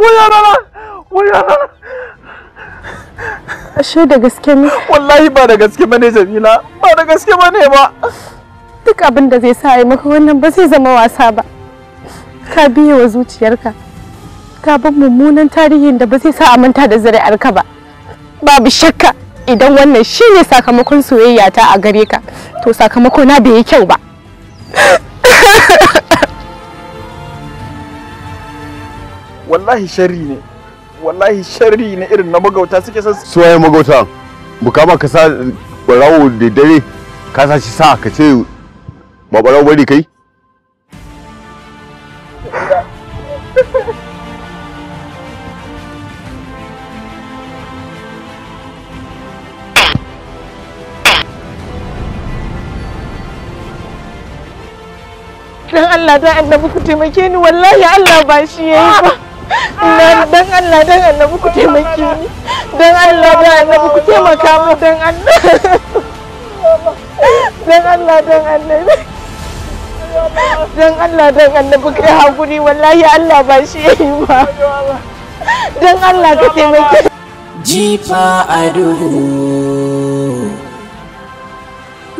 wayarana wayarana ashe da gaske ne wallahi ba da gaske jamila ba da gaske ba duk abin da zai sa yi maka wannan ba zai zama wasa ba ka biye wa zuciyarka ka bin mummunan tarihin da ba zai sa manta da zuri'arka ba babu shakka idan wannan shine sakamakon soyayya ta a gare ka to sakamako na bai yi kyau ba wallahi shari ne wallahi shari ne irin na magauta suke san waye magauta bukama ka sa barawo da dare ka sa shi sa ka ce ba barawo bari kai don Allah dan annabi ku taimake ni wallahi Allah ba shi yayi ba dan Allah dan allah ku taimake ni dan Allah dan annabi ku taimaka mu dan Allah dan Allah dan annabi dan Allah dan annabi kai hakuri wallahi Allah ba shi dan Allah ka taimake jifa a duhu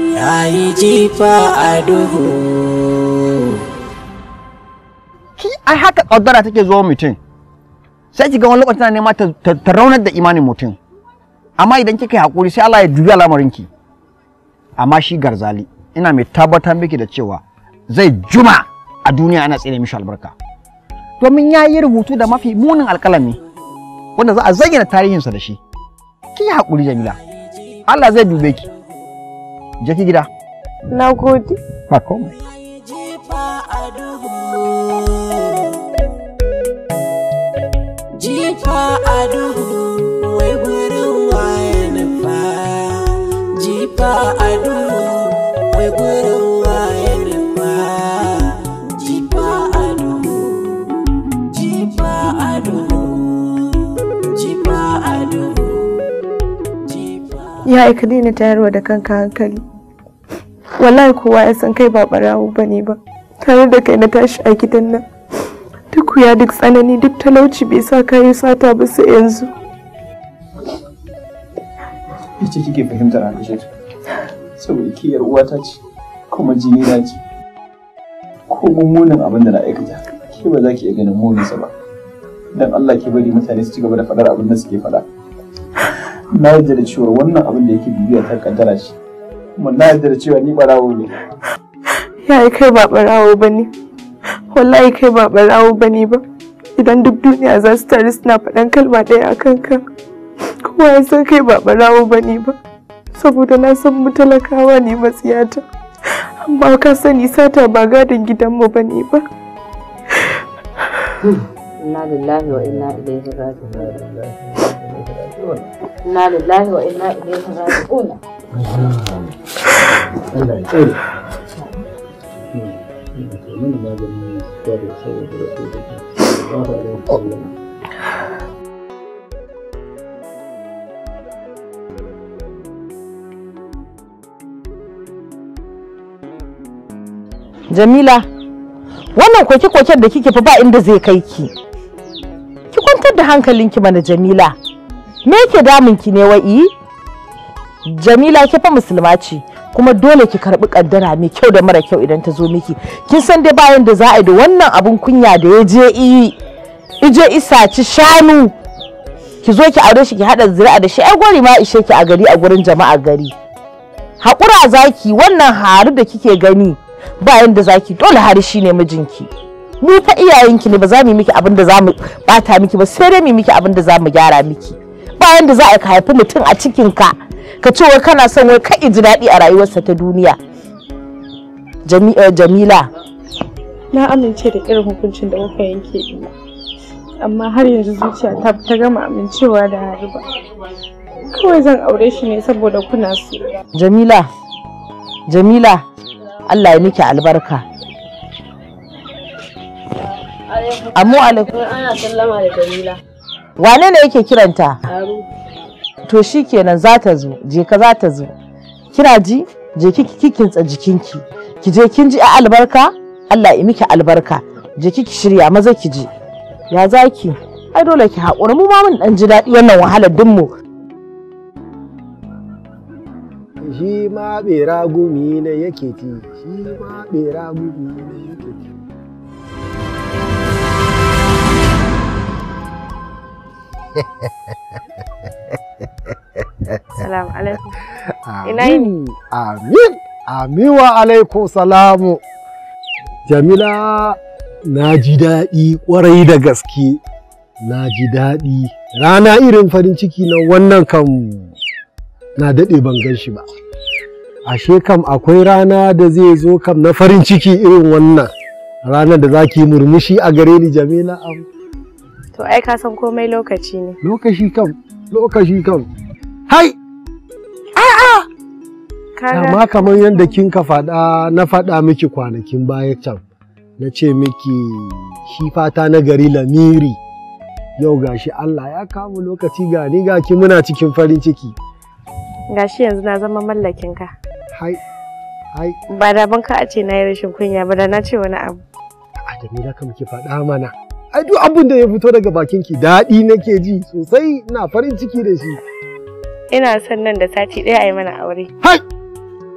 yayi jifa a duhu ai haka kaddara take zuwa mutum sai ki ga wani lokacin tana nema ta raunar da imanin mutum amma idan kika yi hakuri sai Allah ya juya lamarinki amma shi garzali ina mai tabbatar miki da cewa zai juma a duniya ana tsere mishi albarka domin ya yi rubutu da mafi munin alkalami wanda za a zayyana tarihinsa da shi ki yi hakuri jamila Allah zai dube ki je ki gida na gode ba komai nufa adu duhu wai gurin waye nufa jifa adu duhu wai gurin waye nufa jifa a duhu jifa a duhu jifa a duhu ya aika daina tayarwa da kanka hankali wallahi kowa ya san kai ba barawo bane ba tare da kai na tashi a gidan nan duk ya duk tsanani duk talauci bai sa kayi sata ba sai yanzu yace kike fahimtar Aisha saboda ki yar uwata ce kuma jini na ce ko mummunan abin da na aikata ke ba za ki iya ganin sa ba dan Allah ki bari mutane su ci gaba da faɗar abin da suke faɗa na yarda da cewa wannan abin da yake bibiya ta kaddara shi, kuma na yarda da cewa ni ɓarawo ne yayi kai ba ba bane wallahi kai ba barawo ba ne ba idan duk duniya za su tare suna faɗan kalma ɗaya a kanka kuma ya san kai ba barawo ba ne ba saboda na san mu talakawa ne matsiyata amma ka sani sata ba gadon gidanmu ba ne ba inna lillahi wa inna ilaihi raji'un inna lillahi wa inna ilaihi raji'un Jamila, wannan koke-koken da kike fa ba inda zai kai ki. Ki kwantar da hankalinki mana Jamila. Me yake damun ki ne wa'i? Jamila ke fa musulma ce kuma dole ki karbi kaddara mai kyau da mara kyau idan ta zo miki kin san dai bayan da za a yi da wannan abun kunya da ya je yi ije isa ci shanu ki zo ki aure shi ki hada zuri'a da shi ai gori ma ishe ki a gari a gurin jama'a gari hakura zaki wannan haru da kike gani bayan da zaki dole hari shi ne mijinki mu fa iyayenki ne ba za mu miki abin da za mu bata miki ba sai dai mu miki abin da za mu gyara miki bayan da za a haifi mutum a cikin ka ka ce wai kana son wai kai ji daɗi a rayuwarsa ta duniya eh, jamila na amince da irin hukuncin da kuka yanke amma har yanzu zuciya ta ta gama amincewa da haruba kawai zan aure shi ne saboda kuna so jamila jamila allah ya miki albarka Amu alaikum. Ana sallama da Jamila. Wane ne yake kiranta? Haru. to shi kenan za ta zo je ka za ta zo kina ji je ki kikintsa jikinki ki je kin ji a albarka Allah ya miki albarka je ki shirya maza ki je ya zaki ai dole ki haƙura mu ma mun dan ji daɗi wannan wahalar din mu shi ma bera gumi ne yake ti shi ma bera gumi ne yake ci Salamu alaikum. Amin. Amin. Amin wa alaikum salamu. Jamila na ji daɗi ƙwarai da gaske. Na ji daɗi. Rana irin farin ciki na wannan kan na daɗe ban gan shi ba. Ashe kam akwai rana da zai zo kam na farin ciki irin wannan. Ranar da za ki murmushi a gare ni Jamila am. To ai ka san komai lokaci ne. Lokaci kam. lokaci kan hai a'a amma kamar yadda kin ka faɗa na faɗa miki kwanakin baya can na ce miki shi fata na gari lamiri yau gashi Allah ya kamu lokaci ga ni ga ki muna cikin farin ciki gashi yanzu na zama mallakin ka hai hai ba da ban ka a ce na yi rashin kunya ba da na ce wani abu a da me da ka muke faɗa mana ai duk abin da ya fito daga bakin ki daɗi nake ji sosai ina farin ciki da shi ina son nan da sati ɗaya a mana aure hai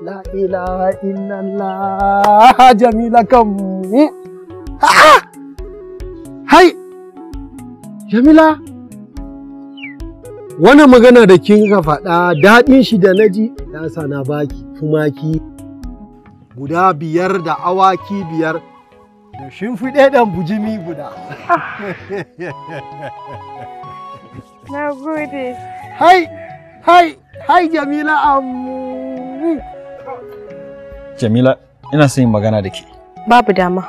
la ilaha illallah jamila kam hai jamila wannan magana da kin ka faɗa daɗin shi da na ji. sa na baki tumaki guda biyar da awaki biyar da shimfiɗe ɗan bujimi guda. Na gode. Hai, hai, hai Jamila Amu. Jamila, ina son yin magana da ke. Babu dama.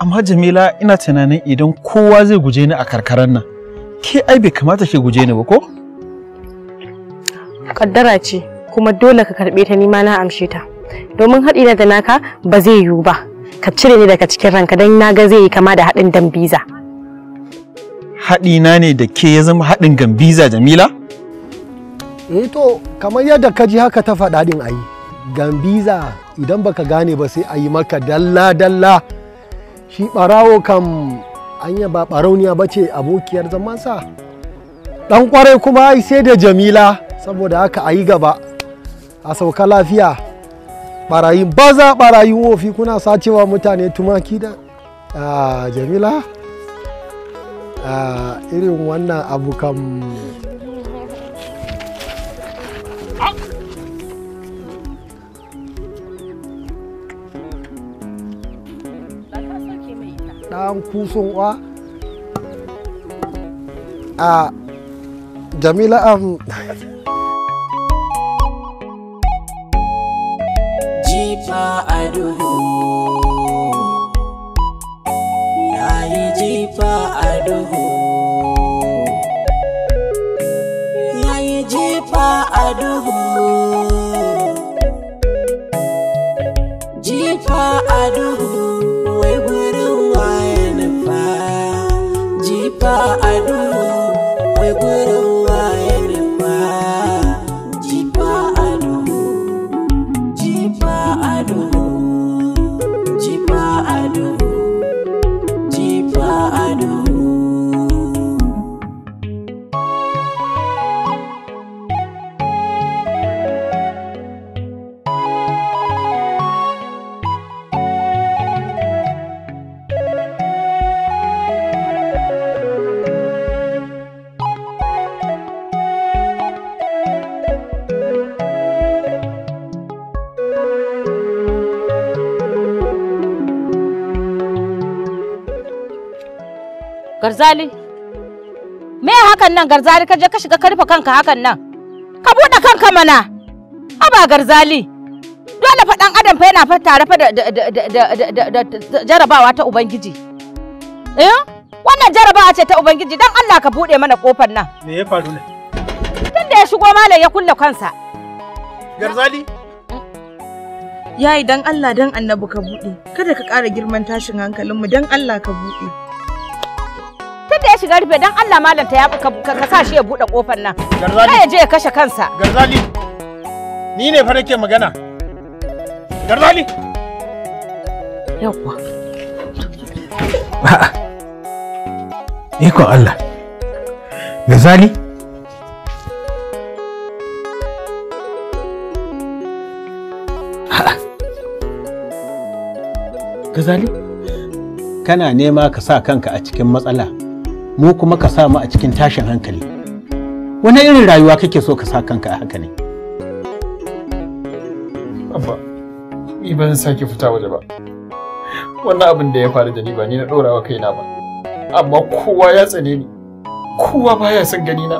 Amma Jamila ina tunanin idan kowa zai guje ni a karkarar nan, ke ai bai kamata ke guje ni ba ko? Kaddara ce, kuma dole ka karɓe ta nima na amshe ta. Domin haɗina da naka ba zai yiwu ba. ka cire ni daga cikin ranka don na ga zai yi kama da haɗin Haɗi Haɗina ne da ke ya zama haɗin gambiza Jamila? Eh to kamar yadda ka ji haka ta faɗa ɗin ayi. Gambiza idan baka gane ba sai ayi maka dalla-dalla. Shi ɓarawo kam anya ba ɓarauniya ba ce abokiyar zamansa. Ɗan ƙwarai kuma ai sai da Jamila saboda haka ayi gaba. A sauka lafiya. barayin baza barayi wofi kuna sacewa mutane tumaki da a jamila a irin wannan abu kam ɗan kusun wa a jamila am ta a duhu na yi jifa a duhu Garzali. Me hakan nan Garzali ka je ka shiga karfa kanka hakan nan. Ka bude kanka mana. Aba Garzali. Dole fa dan adam fa yana fa tare fa da jarabawa ta Ubangiji. Eh? Wannan jarabawa ce ta Ubangiji dan Allah ka bude mana kofar nan. Me ya faru ne? Tunda ya shigo malai ya kulle kansa. Garzali. yayi dan Allah dan annabi ka bude kada ka kara girman tashin hankalinmu dan Allah ka bude. shiga rufe dan Allah malam ta ya ka sa shi ya bude kofar nan garzali Kai je ya kashe kansa garzali ni ne fa nake magana garzali yawwa Iko Allah, Garzali. Gazali? Kana nema ka sa kanka a cikin matsala mu kuma ka sa mu a cikin tashin hankali wani irin rayuwa kake so ka sa kanka a haka ne abba ni ban sake fita waje ba wannan abin da ya faru da ni ba ni na dora wa kaina ba amma kowa ya tsane ni kowa baya son gani na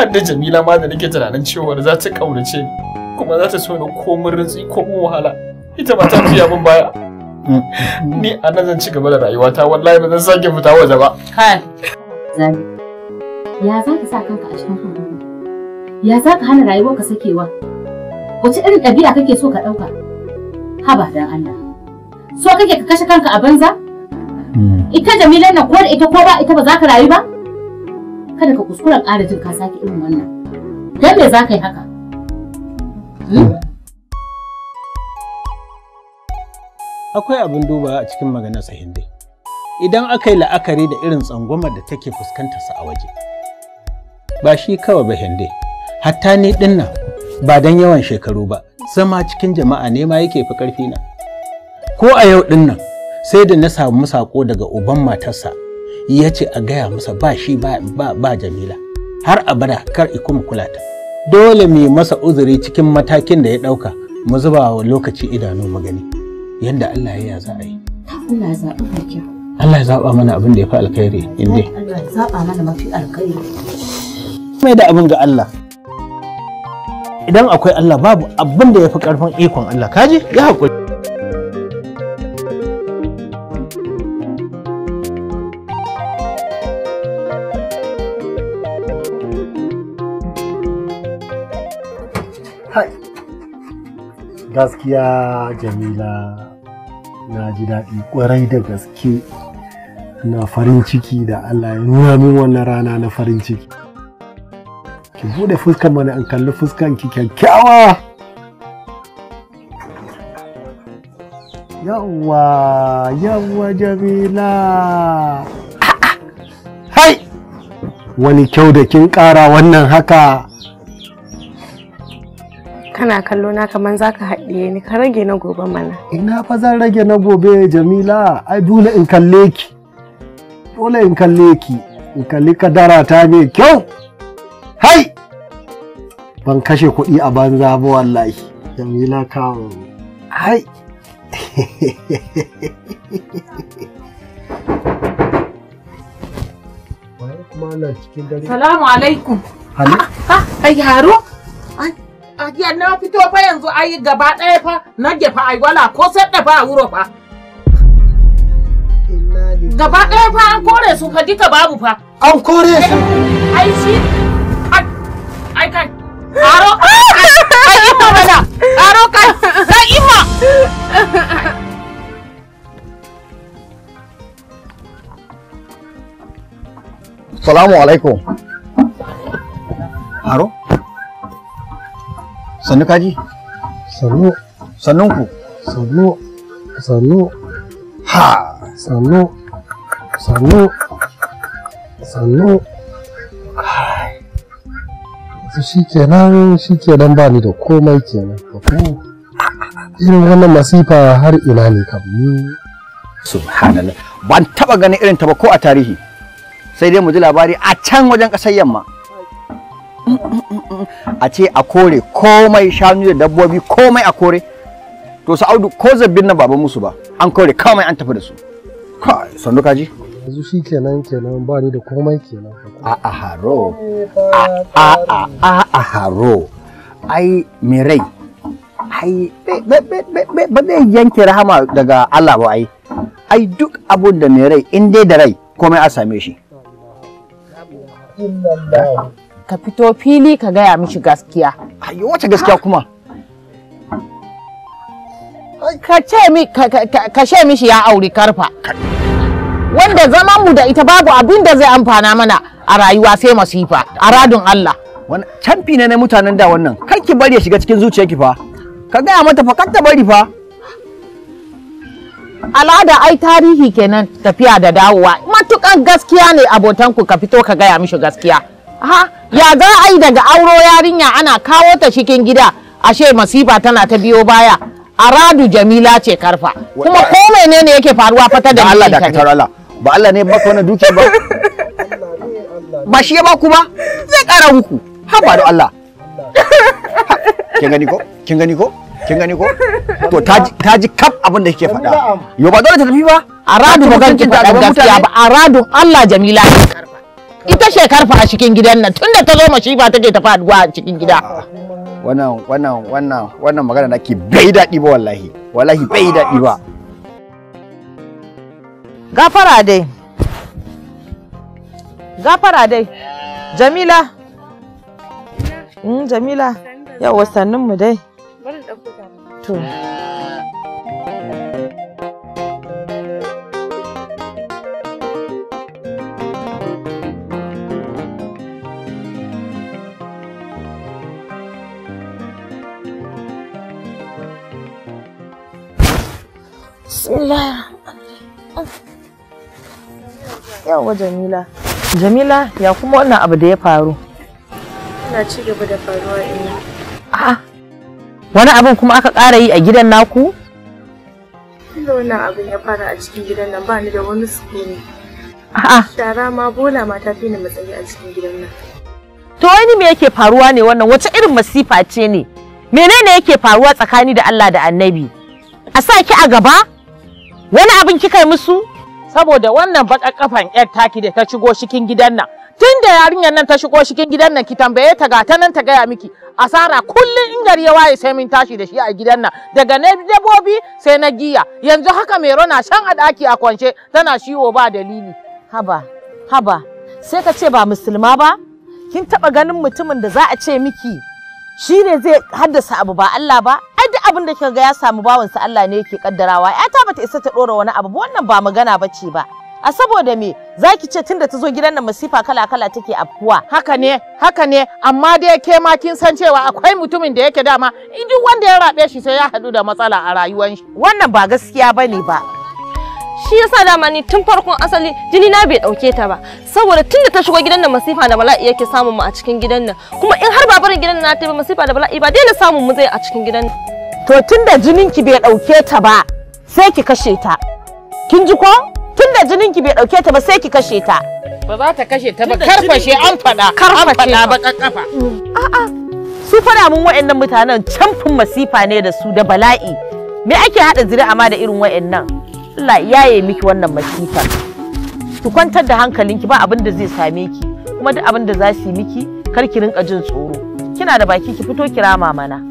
har da jamila ma da nake tunanin cewa za ta ƙaunace ni kuma za ta so ni komin ko ko wahala ita ba ta fiya min baya ni a nan zan ci gaba da rayuwata wallahi ba zan sake fita waje ba Kai. ya za ka sa kanka a cikin hankali ya za ka hana ka sakewa wace irin ɗabi'a kake so ka ɗauka haba dan Allah so kake ka kashe kanka a banza hmm. ita jamilan nan ko da ita ko ba ita ba za ka rayu ba kada ka kuskura ƙara jin ka sake irin wannan dan me za ka yi haka hmm? akwai abin duba a cikin maganar Hindi. Idan aka yi la'akari da irin tsangwamar da take fuskantarsa a waje. Ba shi kawai ba Hindi, hatta ni ɗinnan, ba don yawan shekaru ba, zama cikin jama'a ne ma yake fi karfi na. Ko a yau ɗinnan, sai da na samu saƙo daga uban matarsa ya ce a gaya masa ba shi ba, Jamila har abada kar kula kulata. Dole mai masa uzuri cikin matakin da ya ɗauka mu zuba lokaci idanu mu gani. yadda Allah ya za a yi Allah ya zaɓa mana abin da ya fi alkhairi inda Allah ya zaɓa mana mafi mai da abin ga Allah idan akwai Allah babu abin da ya fi ƙarfin ikon Allah kaji ya haƙuri gaskiya jamila na ji daɗi ƙwarai da gaske na farin ciki da allah ya nuna min wannan rana na farin ciki ki bude fuskan mana an kalli fuskan ki kyakkyawa yawwa yawwa jamila hai wani kyau da kin ƙara wannan haka kana kallo na kaman zaka haɗe ni ka rage na gobe mana ina fa zan rage na gobe jamila ai dole in kalle ki dole in kalle ki in kalli kadara ta ne kyau hai ban kashe kuɗi a banza ba wallahi jamila ka hai Salamu alaikum. Hali? Ah, ah, ha, ai yaro? Agiyar na fito fa yanzu ai gaba ɗaya fa na gefa ai wala ko sai fa a wuro fa. Gaba ɗaya fa an kore su fa duka babu fa. An kore su. Eh, ai shi ai kai. Aro ai imma mana. Aro kai kai ima. Salamu alaikum. Aro? sannu kaji sannu sannun ku sannu sannu ha sannu sannu sannu Kai. shi kenan shi kenan ba ni da komai kenan irin wannan masifa har ina ne kam subhanallah ban taba ganin irin ta ba ko a tarihi sai dai mu ji labari a can wajen kasar yamma a ce a kore komai shanu da dabbobi komai a kore to Audu ko zabbin na baban musu ba an kore komai an tafi da su sandu kaji yanzu shi kenan kenan ba ni da komai kenan a a haro a a a a haro ai me rai ai ba zai yanke rahama daga Allah ba ai ai duk abun da me rai in dai da rai komai a same shi ka fito fili ka gaya mishi gaskiya. Ayo wace gaskiya kuma? Ka ce mi ka mishi ya aure karfa. Wanda zaman mu da ita babu abin da zai amfana mana a rayuwa sai masifa a radun Allah. Wani camfi ne na mutanen da wannan kar ki bari ya shiga cikin zuciyarki fa. Ka gaya mata fa kar ta bari fa. al'ada ai tarihi kenan tafiya da dawowa matukan gaskiya ne abotanku ka fito ka gaya mishi gaskiya ha ya za a yi daga auro yarinya ana kawo ta cikin gida ashe masifa tana ta biyo baya aradu jamila ce karfa kuma ko ne yake faruwa fata da Allah da katar Allah ba Allah ne baka na dukiya ba ba shi ya kuma ba zai kara muku haba da Allah kin gani ko kin gani ko kin gani ko to ta ji kaf abin da kike faɗa yo ba dole ta tafi ba aradun ba kan kin ta gaskiya ba Aradu Allah jamila ce karfa ita shekar fa a cikin gidan nan tunda ta zo mashi ba take ta faduwa a cikin gida ah, wannan wannan wannan wannan magana nake bai daɗi ba wallahi wallahi bai daɗi ba gafara dai gafara dai jamila hmm, jamila yau wasanninmu dai to Yawa Jamila. Jamila ya kuma wannan abu da ya faru? Ina cigaba da faruwa ina. Eh. A'a. Wani abin kuma aka ƙara yi a gidan naku? Tunda wannan abin ya fara a cikin gidan nan ba ni da wani sukuni. A'a. Shara ma bola ma ta fi ni matsayi a cikin gidan nan. To wani me yake faruwa ne wannan wace irin masifa ce ne? Menene yake faruwa tsakani da Allah da Annabi? A sa ki a gaba? wani abin kika yi musu saboda wannan bakar kafan yar taki da ta shigo cikin gidan nan tun da yarinyar nan ta shigo cikin gidan nan ki tambaye ta ga ta nan ta gaya miki asara kullum in gari ya waye sai mun tashi da shi a gidan nan daga na dabobi sai na giya yanzu haka mai rona shan a ɗaki a kwance tana shiwo ba dalili haba haba sai ka ce ba musulma ba kin taɓa ganin mutumin da za a ce miki shi ne zai haddasa abu ba Allah ba abin da kika ga ya samu bawansa Allah ne yake kaddarawa yata bata isa ta dora wani abu wannan ba magana bace ba a saboda me zaki ce tunda ta zo gidan nan masifa kala kala take afkuwa haka ne haka ne amma dai ke ma kin san cewa akwai mutumin da yake dama duk wanda ya rabe shi sai ya hadu da matsala a rayuwar shi wannan ba gaskiya bane ba shi yasa dama ni tun farkon asali jini na bai dauke ta ba saboda tunda ta shigo gidan nan masifa da bala'i yake samun mu a cikin gidan nan kuma in har ba gidan nan na ta masifa da bala'i ba daina samun mu zai a cikin gidan nan to tunda jininki bai ɗauke ta ba sai ki kashe ta kin ji ko tunda jininki bai ɗauke ta ba sai ki kashe ta ba za ta kashe ta ba karfashe an faɗa an faɗa ba kakkafa a'a su fara mun wayannan mutanen canfin masifa ne da su da bala'i me ake hada zuri'a ma da irin wayannan? Allah yaye miki wannan masifa ki kwantar da hankalinki ba abin da zai same ki kuma duk abin da za su yi miki kar ki rinka jin tsoro kina da baki ki fito kira mama na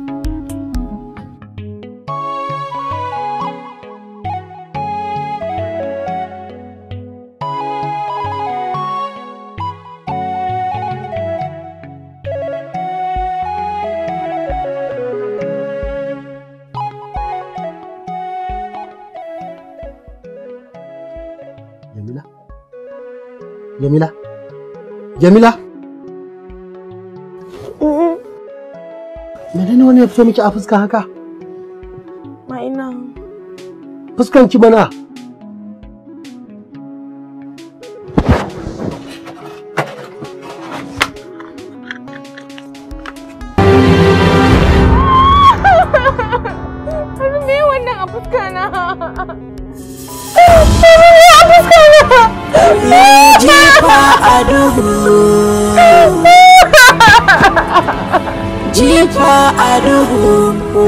Jamila. Jamila. Menene wani ya fito miki a fuska haka? Ma'ina. Fuskanki bana. a jipa jifa a duhu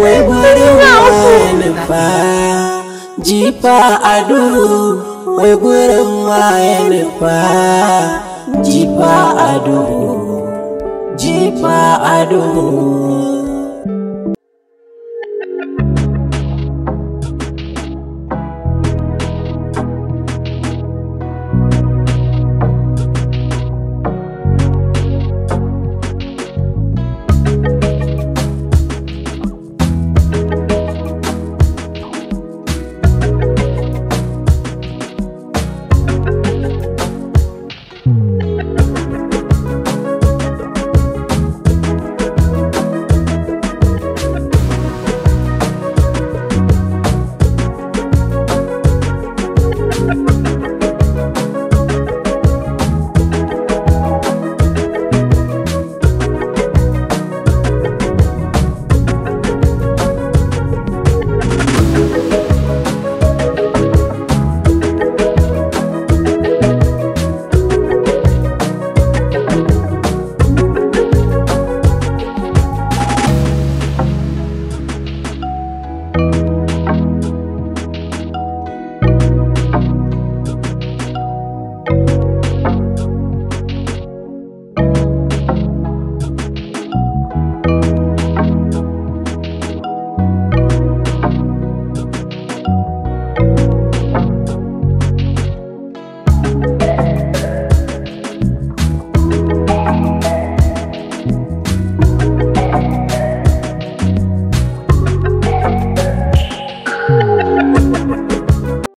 wai gurin wani fa jifa a duhu wai gurin wani fa jipa a jipa jifa